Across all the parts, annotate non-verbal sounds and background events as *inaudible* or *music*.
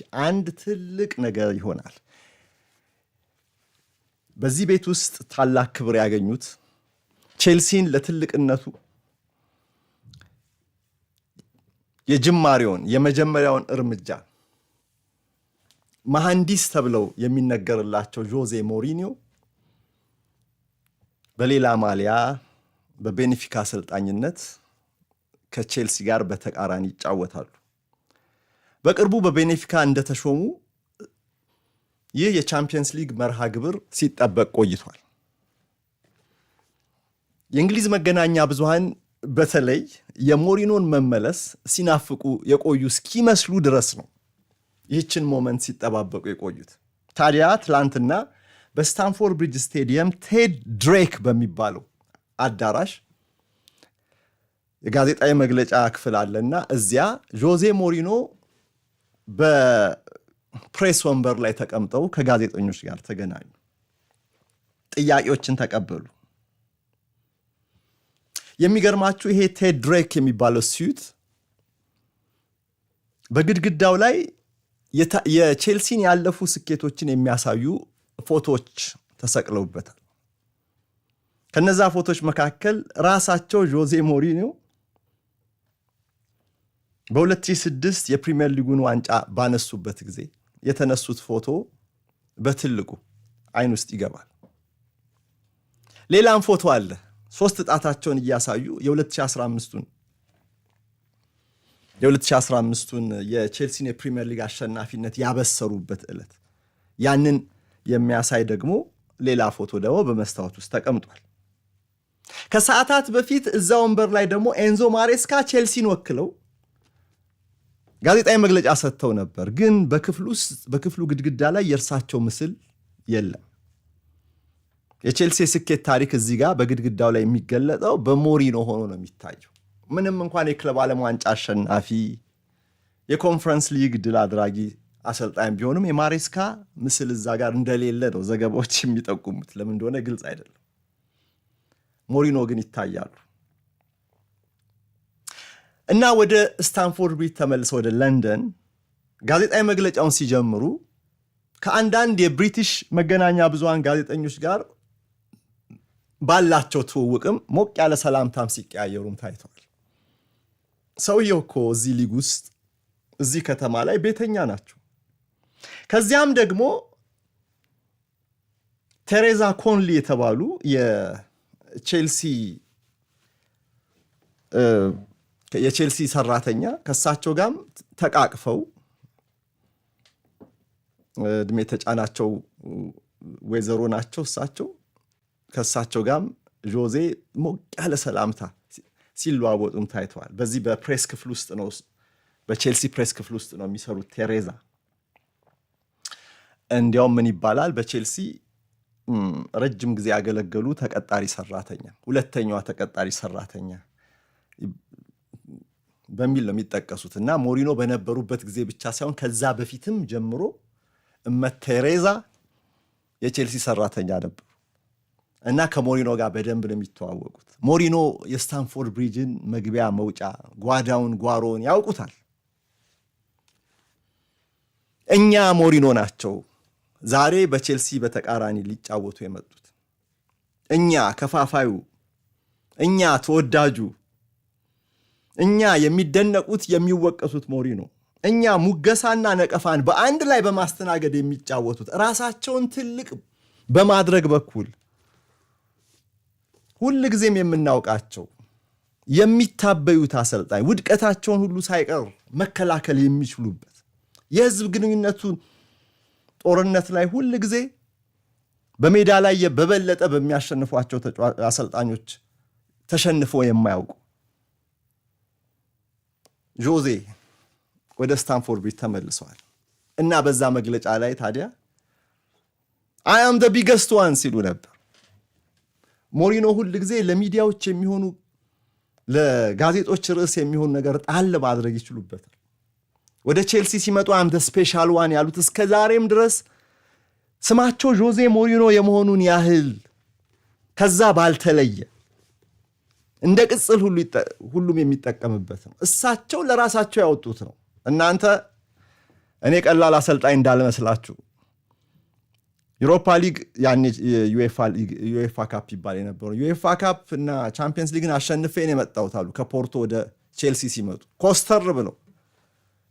እጅ አንድ ትልቅ ነገር ይሆናል። በዚህ ቤት ውስጥ ታላቅ ክብር ያገኙት ቼልሲን ለትልቅነቱ የጅማሬውን የመጀመሪያውን እርምጃ መሐንዲስ ተብለው የሚነገርላቸው ዦዜ ሞሪኒዮ በሌላ ማሊያ በቤኔፊካ አሰልጣኝነት ከቼልሲ ጋር በተቃራኒ ይጫወታሉ። በቅርቡ በቤኔፊካ እንደተሾሙ ይህ የቻምፒየንስ ሊግ መርሃ ግብር ሲጠበቅ ቆይቷል። የእንግሊዝ መገናኛ ብዙሃን በተለይ የሞሪኖን መመለስ ሲናፍቁ የቆዩ እስኪመስሉ ድረስ ነው ይህችን ሞመንት ሲጠባበቁ የቆዩት። ታዲያ ትላንትና በስታንፎርድ ብሪጅ ስቴዲየም ቴድ ድሬክ በሚባለው አዳራሽ የጋዜጣዊ መግለጫ ክፍል አለና እዚያ ዦዜ ሞሪኖ በፕሬስ ወንበር ላይ ተቀምጠው ከጋዜጠኞች ጋር ተገናኙ። ጥያቄዎችን ተቀበሉ። የሚገርማችሁ ይሄ ቴድ ድሬክ የሚባለው ስዩት በግድግዳው ላይ የቼልሲን ያለፉ ስኬቶችን የሚያሳዩ ፎቶዎች ተሰቅለውበታል። ከነዛ ፎቶዎች መካከል ራሳቸው ዦዜ ሞሪኒዮ በ2006 የፕሪሚየር ሊጉን ዋንጫ ባነሱበት ጊዜ የተነሱት ፎቶ በትልቁ አይን ውስጥ ይገባል። ሌላም ፎቶ አለ። ሶስት ጣታቸውን እያሳዩ የ2015ቱን የ2015ቱን የቼልሲን የፕሪሚየር ሊግ አሸናፊነት ያበሰሩበት ዕለት ያንን የሚያሳይ ደግሞ ሌላ ፎቶ ደግሞ በመስታወት ውስጥ ተቀምጧል። ከሰዓታት በፊት እዛ ወንበር ላይ ደግሞ ኤንዞ ማሬስካ ቼልሲን ወክለው ጋዜጣዊ መግለጫ ሰጥተው ነበር፣ ግን በክፍሉ ግድግዳ ላይ የእርሳቸው ምስል የለም። የቼልሲ ስኬት ታሪክ እዚህ ጋር በግድግዳው ላይ የሚገለጠው በሞሪኖ ሆኖ ነው የሚታየው። ምንም እንኳን የክለብ ዓለም ዋንጫ አሸናፊ የኮንፈረንስ ሊግ ድል አድራጊ አሰልጣኝ ቢሆንም የማሬስካ ምስል እዛ ጋር እንደሌለ ነው ዘገባዎች የሚጠቁሙት። ለምን እንደሆነ ግልጽ አይደለም። ሞሪኖ ግን ይታያሉ። እና ወደ ስታንፎርድ ብሪጅ ተመልሰው ወደ ለንደን ጋዜጣዊ መግለጫውን ሲጀምሩ ከአንዳንድ የብሪቲሽ መገናኛ ብዙሃን ጋዜጠኞች ጋር ባላቸው ትውውቅም ሞቅ ያለ ሰላምታም ሲቀያየሩም ታይተዋል። ሰውየው እኮ እዚህ ሊግ ውስጥ እዚህ ከተማ ላይ ቤተኛ ናቸው። ከዚያም ደግሞ ቴሬዛ ኮንሊ የተባሉ የቼልሲ የቼልሲ ሰራተኛ ከእሳቸው ጋርም ተቃቅፈው እድሜ ተጫናቸው ወይዘሮ ናቸው። እሳቸው ከእሳቸው ጋም ዦዜ ሞቅ ያለ ሰላምታ ሲለዋወጡም ታይተዋል። በዚህ በፕሬስ ክፍል ውስጥ ነው በቼልሲ ፕሬስ ክፍል ውስጥ ነው የሚሰሩት ቴሬዛ። እንዲያውም ምን ይባላል በቼልሲ ረጅም ጊዜ ያገለገሉ ተቀጣሪ ሰራተኛ፣ ሁለተኛዋ ተቀጣሪ ሰራተኛ በሚል ነው የሚጠቀሱት እና ሞሪኖ በነበሩበት ጊዜ ብቻ ሳይሆን ከዛ በፊትም ጀምሮ እመት ቴሬዛ የቼልሲ ሰራተኛ ነበሩ እና ከሞሪኖ ጋር በደንብ ነው የሚተዋወቁት። ሞሪኖ የስታንፎርድ ብሪጅን መግቢያ መውጫ፣ ጓዳውን፣ ጓሮውን ያውቁታል። እኛ ሞሪኖ ናቸው ዛሬ በቼልሲ በተቃራኒ ሊጫወቱ የመጡት እኛ ከፋፋዩ፣ እኛ ተወዳጁ እኛ የሚደነቁት የሚወቀሱት ሞሪኖ እኛ ሙገሳና ነቀፋን በአንድ ላይ በማስተናገድ የሚጫወቱት ራሳቸውን ትልቅ በማድረግ በኩል ሁል ጊዜም የምናውቃቸው የሚታበዩት አሰልጣኝ ውድቀታቸውን ሁሉ ሳይቀር መከላከል የሚችሉበት የህዝብ ግንኙነቱን ጦርነት ላይ ሁል ጊዜ በሜዳ ላይ በበለጠ በሚያሸንፏቸው አሰልጣኞች ተሸንፈው የማያውቁ ጆዜ ወደ ስታንፎርድ ብሪጅ ተመልሰዋል እና በዛ መግለጫ ላይ ታዲያ አይ አም ደ ቢገስት ዋን ሲሉ ነበር። ሞሪኖ ሁል ጊዜ ለሚዲያዎች የሚሆኑ ለጋዜጦች ርዕስ የሚሆኑ ነገር ጣል ማድረግ ይችሉበታል። ወደ ቼልሲ ሲመጡ አም ደ ስፔሻል ዋን ያሉት እስከ ዛሬም ድረስ ስማቸው ጆዜ ሞሪኖ የመሆኑን ያህል ከዛ ባልተለየ እንደ ቅጽል ሁሉም የሚጠቀምበት ነው። እሳቸው ለራሳቸው ያወጡት ነው። እናንተ እኔ ቀላል አሰልጣኝ እንዳልመስላችሁ። ዩሮፓ ሊግ ያኔ ዩኤፋ ካፕ ይባል የነበረው ዩኤፋ ካፕ እና ቻምፒየንስ ሊግን አሸንፌን የመጣሁት አሉ። ከፖርቶ ወደ ቼልሲ ሲመጡ ኮስተር ብለው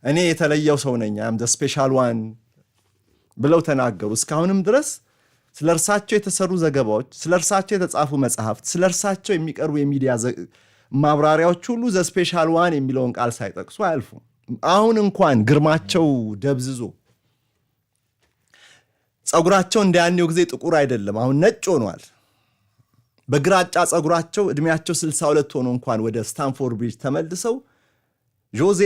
እኔ የተለየው ሰው ነኝ ስፔሻል ዋን ብለው ተናገሩ። እስካሁንም ድረስ ስለ እርሳቸው የተሰሩ ዘገባዎች፣ ስለ እርሳቸው የተጻፉ መጽሐፍት፣ ስለ እርሳቸው የሚቀርቡ የሚዲያ ማብራሪያዎች ሁሉ ዘስፔሻል ዋን የሚለውን ቃል ሳይጠቅሱ አያልፉም። አሁን እንኳን ግርማቸው ደብዝዞ ጸጉራቸው እንደያኔው ጊዜ ጥቁር አይደለም፣ አሁን ነጭ ሆኗል። በግራጫ ጸጉራቸው እድሜያቸው 62 ሆኖ እንኳን ወደ ስታንፎርድ ብሪጅ ተመልሰው ዦዜ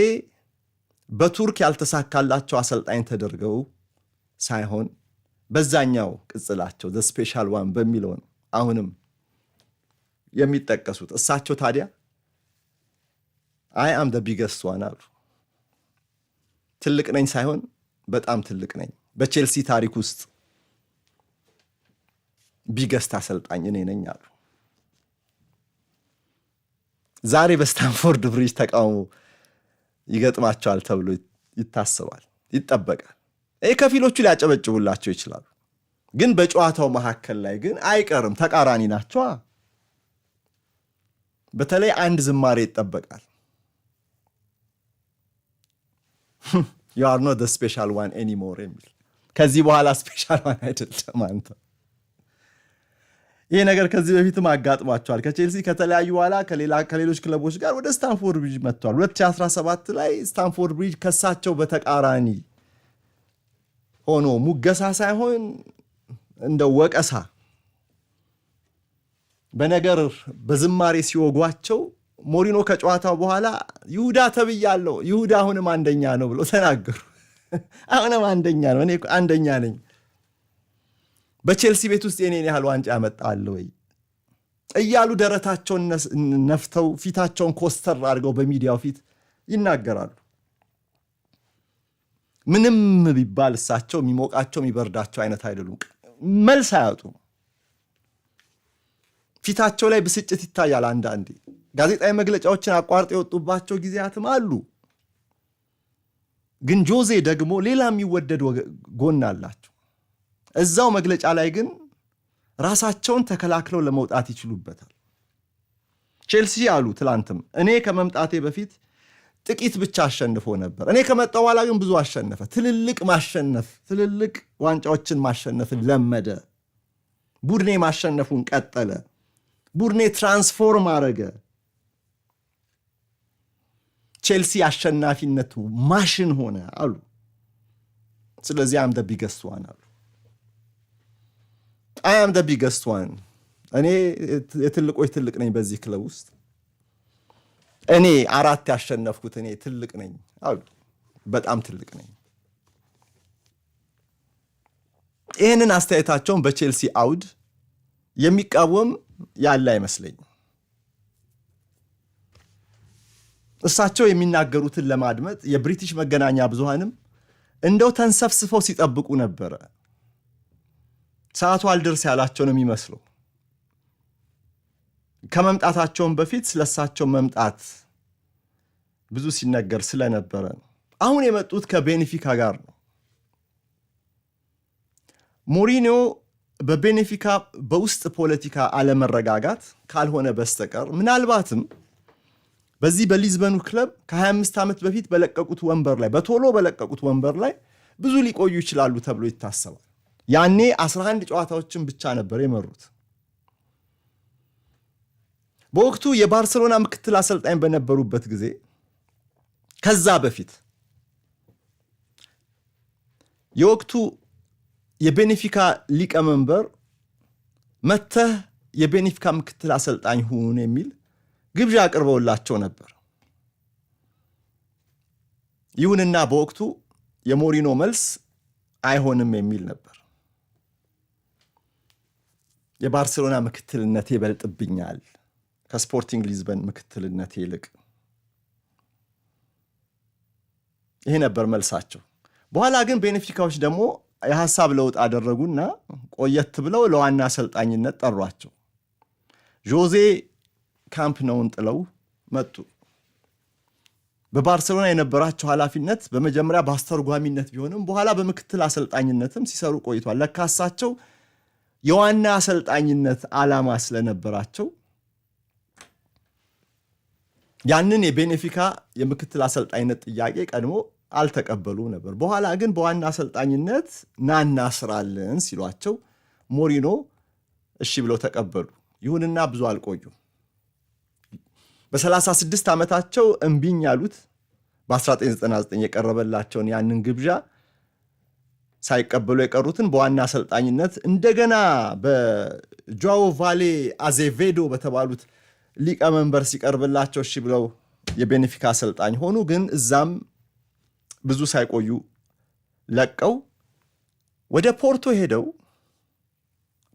በቱርክ ያልተሳካላቸው አሰልጣኝ ተደርገው ሳይሆን በዛኛው ቅጽላቸው ዘ ስፔሻል ዋን በሚለው ነው አሁንም የሚጠቀሱት። እሳቸው ታዲያ አይ አም ደ ቢገስት ዋን አሉ። ትልቅ ነኝ ሳይሆን በጣም ትልቅ ነኝ። በቼልሲ ታሪክ ውስጥ ቢገስት አሰልጣኝ እኔ ነኝ አሉ። ዛሬ በስታንፎርድ ብሪጅ ተቃውሞ ይገጥማቸዋል ተብሎ ይታሰባል፣ ይጠበቃል። ከፊሎቹ ሊያጨበጭቡላቸው ይችላሉ። ግን በጨዋታው መካከል ላይ ግን አይቀርም፣ ተቃራኒ ናቸዋ። በተለይ አንድ ዝማሬ ይጠበቃል። ዩ አር ስፔሻል ዋን ኤኒሞር የሚል ከዚህ በኋላ ስፔሻል ዋን አይደለም አንተ። ይሄ ነገር ከዚህ በፊትም አጋጥሟቸዋል። ከቼልሲ ከተለያዩ በኋላ ከሌሎች ክለቦች ጋር ወደ ስታንፎርድ ብሪጅ መጥተዋል። 2017 ላይ ስታንፎርድ ብሪጅ ከሳቸው በተቃራኒ ሆኖ ሙገሳ ሳይሆን እንደ ወቀሳ በነገር በዝማሬ ሲወጓቸው ሞሪኖ ከጨዋታው በኋላ ይሁዳ ተብያለሁ፣ ይሁዳ አሁንም አንደኛ ነው ብለው ተናገሩ። *laughs* አሁንም አንደኛ ነው፣ እኔ አንደኛ ነኝ። በቼልሲ ቤት ውስጥ የኔን ያህል ዋንጫ ያመጣል ወይ እያሉ ደረታቸውን ነፍተው ፊታቸውን ኮስተር አድርገው በሚዲያው ፊት ይናገራሉ። ምንም ቢባል እሳቸው የሚሞቃቸው የሚበርዳቸው አይነት አይደሉም። መልስ አያጡ። ፊታቸው ላይ ብስጭት ይታያል። አንዳንዴ ጋዜጣዊ መግለጫዎችን አቋርጠው የወጡባቸው ጊዜያትም አሉ። ግን ጆዜ ደግሞ ሌላ የሚወደድ ጎን አላቸው። እዛው መግለጫ ላይ ግን ራሳቸውን ተከላክለው ለመውጣት ይችሉበታል። ቼልሲ አሉ ትላንትም እኔ ከመምጣቴ በፊት ጥቂት ብቻ አሸንፎ ነበር። እኔ ከመጣ በኋላ ግን ብዙ አሸነፈ። ትልልቅ ማሸነፍ፣ ትልልቅ ዋንጫዎችን ማሸነፍን ለመደ። ቡድኔ ማሸነፉን ቀጠለ። ቡድኔ ትራንስፎርም አረገ። ቼልሲ አሸናፊነቱ ማሽን ሆነ አሉ። ስለዚህ አም ደ ቢገስት ዋን አሉ። አም ደ ቢገስት ዋን እኔ የትልቆች ትልቅ ነኝ በዚህ ክለብ ውስጥ እኔ አራት ያሸነፍኩት እኔ ትልቅ ነኝ አሉ። በጣም ትልቅ ነኝ። ይህንን አስተያየታቸውን በቼልሲ አውድ የሚቃወም ያለ አይመስለኝም። እሳቸው የሚናገሩትን ለማድመጥ የብሪቲሽ መገናኛ ብዙሃንም እንደው ተንሰፍስፈው ሲጠብቁ ነበረ። ሰዓቱ አልደርስ ያላቸው ነው የሚመስለው። ከመምጣታቸውን በፊት ስለሳቸው መምጣት ብዙ ሲነገር ስለነበረ ነው። አሁን የመጡት ከቤኔፊካ ጋር ነው። ሞሪኒዮ በቤኔፊካ በውስጥ ፖለቲካ አለመረጋጋት ካልሆነ በስተቀር ምናልባትም በዚህ በሊዝበኑ ክለብ ከ25 ዓመት በፊት በለቀቁት ወንበር ላይ በቶሎ በለቀቁት ወንበር ላይ ብዙ ሊቆዩ ይችላሉ ተብሎ ይታሰባል። ያኔ 11 ጨዋታዎችን ብቻ ነበር የመሩት። በወቅቱ የባርሰሎና ምክትል አሰልጣኝ በነበሩበት ጊዜ ከዛ በፊት የወቅቱ የቤኔፊካ ሊቀመንበር መተህ የቤኔፊካ ምክትል አሰልጣኝ ሁን የሚል ግብዣ አቅርበውላቸው ነበር። ይሁንና በወቅቱ የሞሪኖ መልስ አይሆንም የሚል ነበር። የባርሴሎና ምክትልነት ይበልጥብኛል ከስፖርቲንግ ሊዝበን ምክትልነት ይልቅ ይሄ ነበር መልሳቸው። በኋላ ግን ቤኔፊካዎች ደግሞ የሀሳብ ለውጥ አደረጉና ቆየት ብለው ለዋና አሰልጣኝነት ጠሯቸው። ዦዜ ካምፕ ነውን ጥለው መጡ። በባርሰሎና የነበራቸው ኃላፊነት በመጀመሪያ በአስተርጓሚነት ቢሆንም በኋላ በምክትል አሰልጣኝነትም ሲሰሩ ቆይቷል። ለካሳቸው የዋና አሰልጣኝነት ዓላማ ስለነበራቸው ያንን የቤኔፊካ የምክትል አሰልጣኝነት ጥያቄ ቀድሞ አልተቀበሉም ነበር። በኋላ ግን በዋና አሰልጣኝነት ና እናስራለን ሲሏቸው ሞሪኖ እሺ ብለው ተቀበሉ። ይሁንና ብዙ አልቆዩም። በ36 ዓመታቸው እምቢኝ ያሉት በ1999 የቀረበላቸውን ያንን ግብዣ ሳይቀበሉ የቀሩትን በዋና አሰልጣኝነት እንደገና በጆዋው ቫሌ አዜቬዶ በተባሉት ሊቀመንበር ሲቀርብላቸው እሺ ብለው የቤኔፊካ አሰልጣኝ ሆኑ። ግን እዛም ብዙ ሳይቆዩ ለቀው ወደ ፖርቶ ሄደው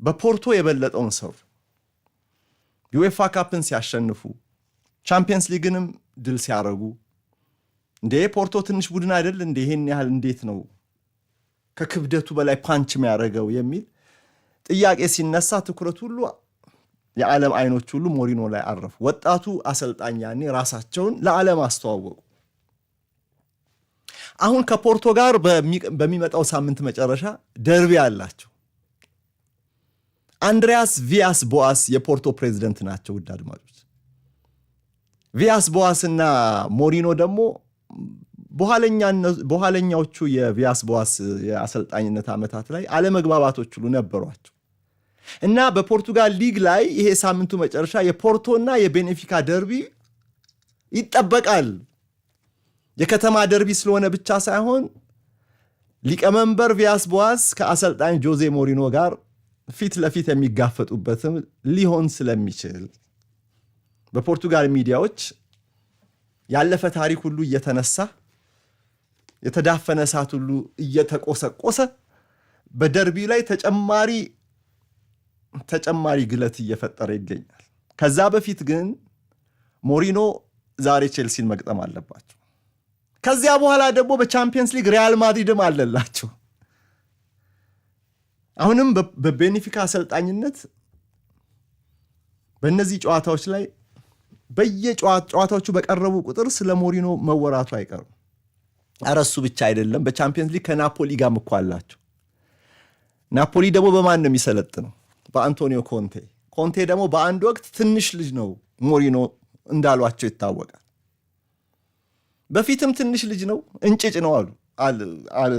በፖርቶ የበለጠውን ሰሩ። ዩኤፋ ካፕን ሲያሸንፉ ቻምፒየንስ ሊግንም ድል ሲያደርጉ እንዴ ፖርቶ ትንሽ ቡድን አይደል እንደ ይሄን ያህል እንዴት ነው ከክብደቱ በላይ ፓንች የሚያደርገው የሚል ጥያቄ ሲነሳ ትኩረት ሁሉ የዓለም አይኖች ሁሉ ሞሪኖ ላይ አረፉ። ወጣቱ አሰልጣኝ ያኔ ራሳቸውን ለዓለም አስተዋወቁ። አሁን ከፖርቶ ጋር በሚመጣው ሳምንት መጨረሻ ደርቢ አላቸው። አንድሪያስ ቪያስ ቦአስ የፖርቶ ፕሬዚደንት ናቸው። ውድ አድማጮች፣ ቪያስ ቦአስ እና ሞሪኖ ደግሞ በኋለኛዎቹ የቪያስ ቦአስ የአሰልጣኝነት ዓመታት ላይ አለመግባባቶች ሁሉ ነበሯቸው። እና በፖርቱጋል ሊግ ላይ ይሄ ሳምንቱ መጨረሻ የፖርቶ እና የቤኔፊካ ደርቢ ይጠበቃል። የከተማ ደርቢ ስለሆነ ብቻ ሳይሆን ሊቀመንበር ቪያስ ቦዋስ ከአሰልጣኝ ጆዜ ሞሪኖ ጋር ፊት ለፊት የሚጋፈጡበትም ሊሆን ስለሚችል በፖርቱጋል ሚዲያዎች ያለፈ ታሪክ ሁሉ እየተነሳ የተዳፈነ እሳት ሁሉ እየተቆሰቆሰ በደርቢው ላይ ተጨማሪ ተጨማሪ ግለት እየፈጠረ ይገኛል። ከዛ በፊት ግን ሞሪኖ ዛሬ ቼልሲን መግጠም አለባቸው። ከዚያ በኋላ ደግሞ በቻምፒየንስ ሊግ ሪያል ማድሪድም አለላቸው። አሁንም በቤኒፊካ አሰልጣኝነት በእነዚህ ጨዋታዎች ላይ በየጨዋታዎቹ በቀረቡ ቁጥር ስለ ሞሪኖ መወራቱ አይቀርም። ኧረ እሱ ብቻ አይደለም። በቻምፒየንስ ሊግ ከናፖሊ ጋር ምኳላቸው። ናፖሊ ደግሞ በማን ነው የሚሰለጥነው? በአንቶኒዮ ኮንቴ። ኮንቴ ደግሞ በአንድ ወቅት ትንሽ ልጅ ነው ሞሪኖ እንዳሏቸው ይታወቃል። በፊትም ትንሽ ልጅ ነው እንጭጭ ነው አሉ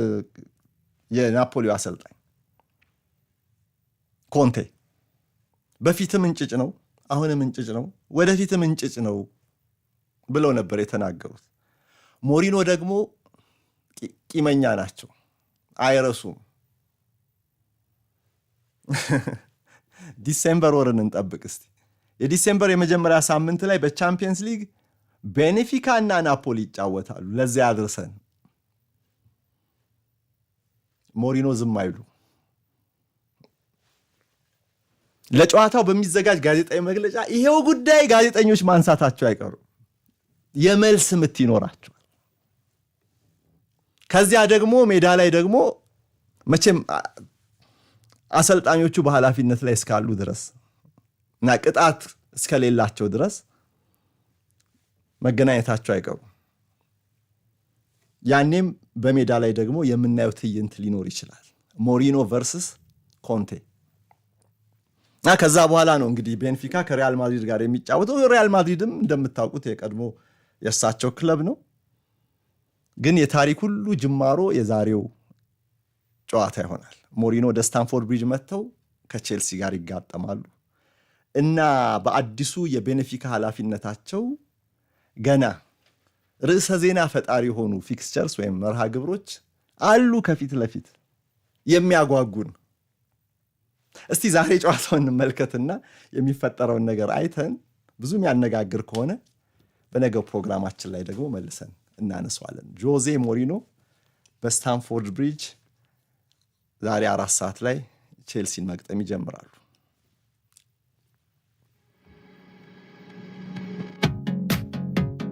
የናፖሊው አሰልጣኝ ኮንቴ። በፊትም እንጭጭ ነው፣ አሁንም እንጭጭ ነው፣ ወደፊትም እንጭጭ ነው ብለው ነበር የተናገሩት። ሞሪኖ ደግሞ ቂመኛ ናቸው፣ አይረሱም። *laughs* ዲሴምበር ወርን እንጠብቅ እስቲ። የዲሴምበር የመጀመሪያ ሳምንት ላይ በቻምፒየንስ ሊግ ቤኔፊካ እና ናፖሊ ይጫወታሉ። ለዚ ያድርሰን። ሞሪኖ ዝም አይሉ። ለጨዋታው በሚዘጋጅ ጋዜጣዊ መግለጫ ይሄው ጉዳይ ጋዜጠኞች ማንሳታቸው አይቀሩም። የመልስ ምት ይኖራቸዋል። ከዚያ ደግሞ ሜዳ ላይ ደግሞ መቼም አሰልጣኞቹ በኃላፊነት ላይ እስካሉ ድረስ እና ቅጣት እስከሌላቸው ድረስ መገናኘታቸው አይቀሩም። ያኔም በሜዳ ላይ ደግሞ የምናየው ትዕይንት ሊኖር ይችላል። ሞሪኖ ቨርስስ ኮንቴ እና ከዛ በኋላ ነው እንግዲህ ቤንፊካ ከሪያል ማድሪድ ጋር የሚጫወተው። ሪያል ማድሪድም እንደምታውቁት የቀድሞ የእሳቸው ክለብ ነው። ግን የታሪክ ሁሉ ጅማሮ የዛሬው ጨዋታ ይሆናል። ሞሪኖ ወደ ስታንፎርድ ብሪጅ መጥተው ከቼልሲ ጋር ይጋጠማሉ እና በአዲሱ የቤኔፊካ ኃላፊነታቸው ገና ርዕሰ ዜና ፈጣሪ የሆኑ ፊክስቸርስ ወይም መርሃ ግብሮች አሉ ከፊት ለፊት የሚያጓጉን። እስቲ ዛሬ ጨዋታውን እንመልከትና የሚፈጠረውን ነገር አይተን ብዙ የሚያነጋግር ከሆነ በነገው ፕሮግራማችን ላይ ደግሞ መልሰን እናነሷለን። ጆዜ ሞሪኖ በስታንፎርድ ብሪጅ ዛሬ አራት ሰዓት ላይ ቼልሲን መግጠም ይጀምራሉ።